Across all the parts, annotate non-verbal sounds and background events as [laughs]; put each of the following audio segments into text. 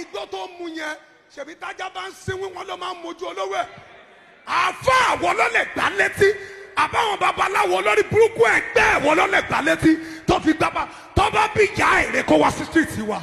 igbó tó mu yẹn ṣebí tájà bá ń sinwi wọn ló máa ń mojú olówó ẹ̀ àfa àwọn lọ́lẹ̀ gbá létí àbáwọn babaláwo lórí burúkú ẹgbẹ́ ẹ̀wọ̀n lọ́lẹ̀ gbá létí tó fi gbá tó bá bí ìyá èrè kó wá sí stíìtì wa.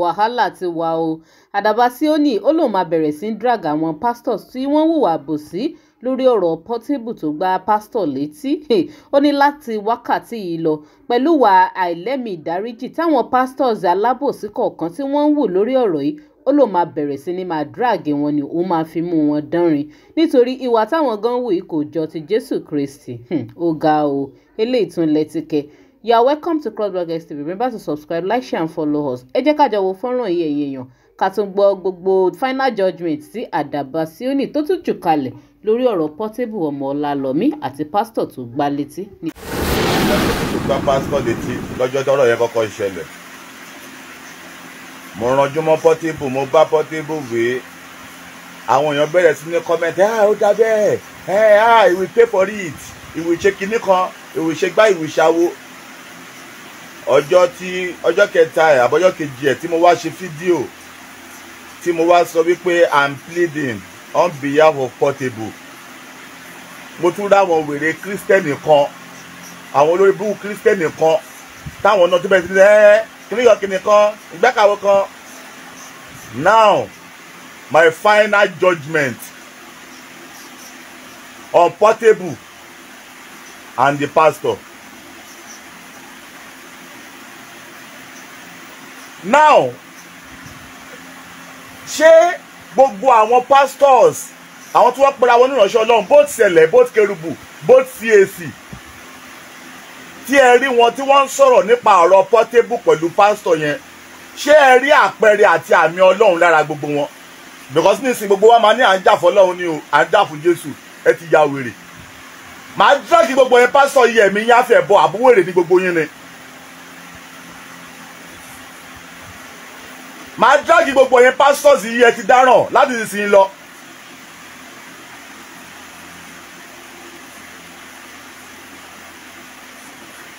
wàhálà ti wà o àdàbà síónì ó lóun máa bẹ̀rẹ̀ sí í drag àwọn pastors tí wọ́n hùwà bòsí lórí ọ̀rọ̀ Portable tó gba pásítọ̀ létí [laughs] ó ní láti wákàtí yìí lọ pẹ̀lú wà àìlẹ́mì ìdáríjì táwọn pastors alábòsí kọ̀ọ̀kan tí wọ́n ń wù lórí ọ̀rọ̀ yìí ó lóun máa bẹ̀rẹ̀ sí ni máa dráàgì wọn ni òun máa fi mú wọn dánrin nítorí ìwà táwọn gan wù yìí kò jọ ti Jésù Kristi [laughs] ó ga o eléyìí tún lẹ́tíkẹ́ you are welcome to crossblogX TV remember to subscribe like share and follow us ẹ jẹ́ ká jọ wo fọ́nrán yìí ẹ̀yìn èèyàn ká tún gbọ́ gbogbo final judgement tí àdàbà síónì tó tún jù kalẹ̀ lórí ọ̀rọ̀ Portable ọmọ ọlálọ́mí àti pásítọ̀ tó gbá létí. tó gbá pásítọ̀ létí lọ́jọ́ tọ́rọ̀ yẹn kọ́kọ́ ṣẹlẹ̀ mo ranjú mọ́ Portable mo bá Portable wèé àwọn èèyàn bẹ̀rẹ̀ sí ní kọ́mẹ́ntì ah ó dá ẹ̀ eh, ah ìwé pay for it ìwé ṣe kinní kan ìwé ṣe gbá ìwé ṣàwo ọjọ́ tí ọjọ́ kẹta ẹ̀ àbọ̀jọ́ kejì ẹ̀ tí mo wá ṣe fídíò tí mo wá sọ wípé i'm pleading on behalf of Portable mo tún ráwọn wèrè kírísítẹ́nì kan àwọn olórí búrú kírísítẹ́nì kan táwọn náà tó bẹ̀rẹ̀ sí ní ẹ́ kíníyàn kìnìún kan ìgbẹ́kàwó kan now my final judgement on Portable and the pastor. now ṣé gbogbo àwọn pastors àwọn tí wọ́n pera wọn níránṣẹ́ ọlọ́run both sẹ̀lẹ̀ both kerubu both cac tí ẹ rí wọn tí wọ́n ń sọ̀rọ̀ nípa ọ̀rọ̀ portable pẹ̀lú pastor yẹn ṣé ẹ rí àpẹẹrẹ àti àmì ọlọ́run lára gbogbo wọn because nísìnyí gbogbo wa máa ní à ń jà fọlọ́run ni o à ń jà fún jésù ẹ ti ya wèrè màá dúró kí gbogbo yẹn pásítọ̀ yẹ mi yáfẹ́ bọ àbúwèrè ní gbogbo yín ni. màá dragi gbogbo yẹn pastors yìí ẹ ti dáràn láti ìsìn lọ.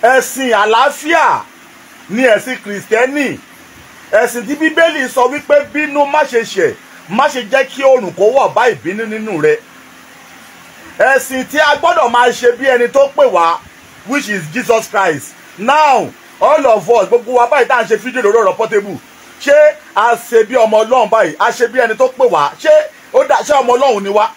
ẹ̀sìn àlàáfíà ni ẹ̀sìn kìrìsìtẹ́nì ẹ̀sìn tí bíbélì sọ wípé bínú má ṣe ṣẹ̀ má ṣe jẹ́ kí oòrùn kó wọ̀ bá ìbínú nínú rẹ ẹ̀sìn tí a gbọ́dọ̀ máa ṣe bí ẹni tó pè wá which is Jesus Christ now all of us gbogbo wa báyìí tá à ń ṣe fídíò lórí ọ̀rọ̀ Portable ṣé a ṣe bí ọmọ ọlọ́run báyìí a ṣe bí ẹni tó pè wá ṣé ó dá ṣé ọmọ ọlọ́run ni wá.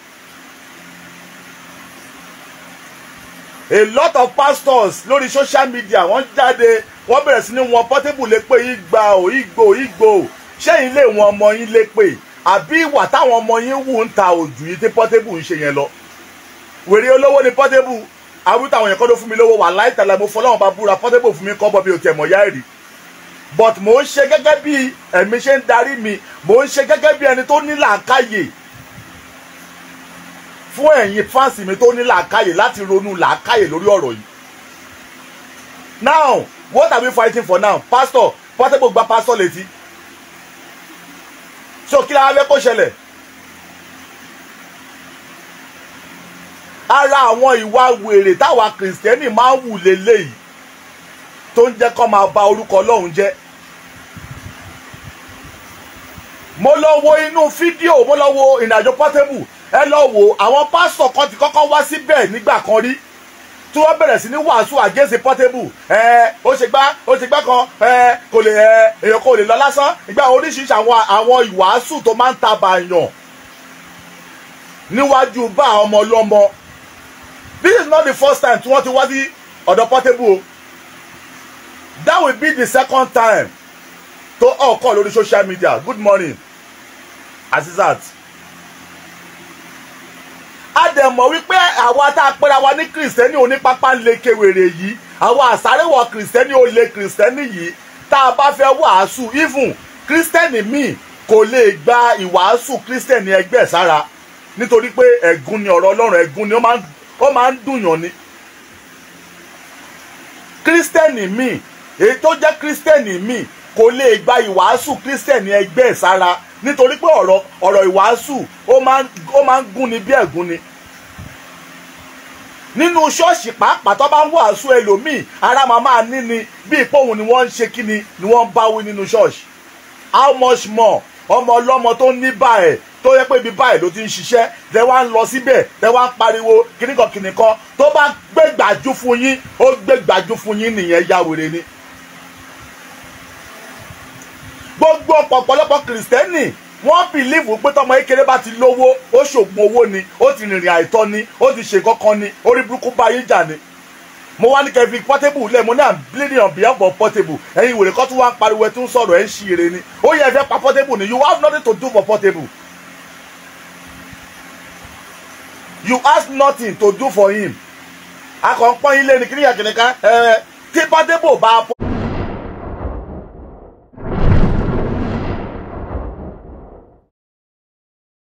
a lot of pastors lórí social media wọ́n jáde wọ́n bẹ̀rẹ̀ sí ní wọn Portable lè pè igba ò igbó igbó ṣé ilé wọn ọmọ yín lè pè àbí ìwà táwọn ọmọ yín wù ń ta òjò yìí tí Portable ń ṣe yẹn lọ wèrè olówó ni Portable àwùjọ àwọn yẹn kọ́ ló fún mi lówó wà láìtàlà mo fọlọ́wọn bá búra Portable fún mi kọ́ bọ́ bí o tẹ̀ mọ́ yáìrì but mò ń ṣe gẹ́gẹ́ bí ẹ̀mí ṣe ń darí mi mò ń ṣe gẹ́gẹ́ bí ẹni tó ní làákàyè fún ẹ̀yin fáǹsì mi tó ní làákàyè láti ronú làákàyè lórí ọ̀rọ̀ yìí now what are we fighting for now pastor portable gba pastor létí so kí la fẹ́ kó ṣẹlẹ̀ ara àwọn ìwà wèrè táwa kìrìsìtẹ́nì máa ń wù lélẹ́yìí tó ń jẹ́ kó máa ba orúkọ ọlọ́run jẹ́ mo lọ wo inú fídíò mo lọ wo ìrìnàjò Portable ẹ lọ wo àwọn pásítọ̀ kan ti kọ́kọ́ wá síbẹ̀ nígbà kan rí tí wọ́n bẹ̀rẹ̀ sí ní wàásù àgẹ́sẹ̀ Portable ẹ ó ṣe gbá ó ṣe gbá kan ẹ kò lè ẹ èèyàn kò lè lọ lásán ìgbà oríṣiríṣi àwọn àwọn ìwàásù tó máa ń ta bàyàn níwájú bá ọmọ ọlọ́mọ this is not the first time tí wọ́n ti wá sí ọ̀dọ̀ Portable o that will be the second time tó ọkọ̀ lórí social media good morning Azizat a dẹ̀ mọ̀ wípé àwa tá a pera wa ní kìrìsìtẹ́nì onípápá ń le kewèrè yìí àwa àsárẹ́wọ̀ kìrìsìtẹ́nì ó le kìrìsìtẹ́nì yìí tá a bá fẹ́ wàásù even kìrìsìtẹ́nì míì kò lè gba ìwàásù kìrìsìtẹ́nì ẹgbẹ́ sára nítorí pé ẹ̀gún ni ọ̀rọ̀ ọlọ́run ẹ̀gún ni ó máa ń dùnyàn ni kìrìsìtẹ́nì míì èyí tó jẹ́ kírísítẹ́nì míì kò lè gba ìwàásù kírísítẹ́nì ẹgbẹ́ ẹ̀ sára nítorí pé ọ̀rọ̀ ọ̀rọ̀ ìwàásù ó máa ń gún ni bí ẹ̀gún ni nínú ṣọ́ọ̀ṣì pàápàá tó bá ń wàásù ẹlòmíì ara máa máa ní ni bí ìpòhùn ni wọ́n ń ṣe kí ni ni wọ́n ń báwí nínú ṣọ́ọ̀ṣì how much more ọmọ ọlọ́mọ tó ní báyìí tó yẹ pé ibi báyìí ló ti ń ṣiṣẹ́ tẹ wá ń lọ síbẹ̀ tẹ wá ń pariwo kíníkan kíníkan tó bá gbé gbàjú fún yín ó gbé fún yín nìyẹn yáwèrè ni gbogbo ọ̀pọ̀lọpọ̀ kìrìsìtẹ́nì wọ́n bìlíìfù pé tọmọ ekele bá ti lówó ó ṣògùn owó ni ó ti rìnrìn àìtọ́ ni ó ti ṣe kankan ni orí burúkú bá yín jà ni mo wá ní kẹfì portable lẹ mo ní à ń bleeding on behalf of portable ẹ̀yin ìwòrè kan tún wá ń pariwo ẹ tún sọ̀rọ̀ ẹ ń ṣiyèrè ni ó yẹ ẹ pa portable ni you have nothing to do for portable you have nothing to do for him akọ̀ ń pọ́n ilé ni kí ni yàgìnìkan ẹ tí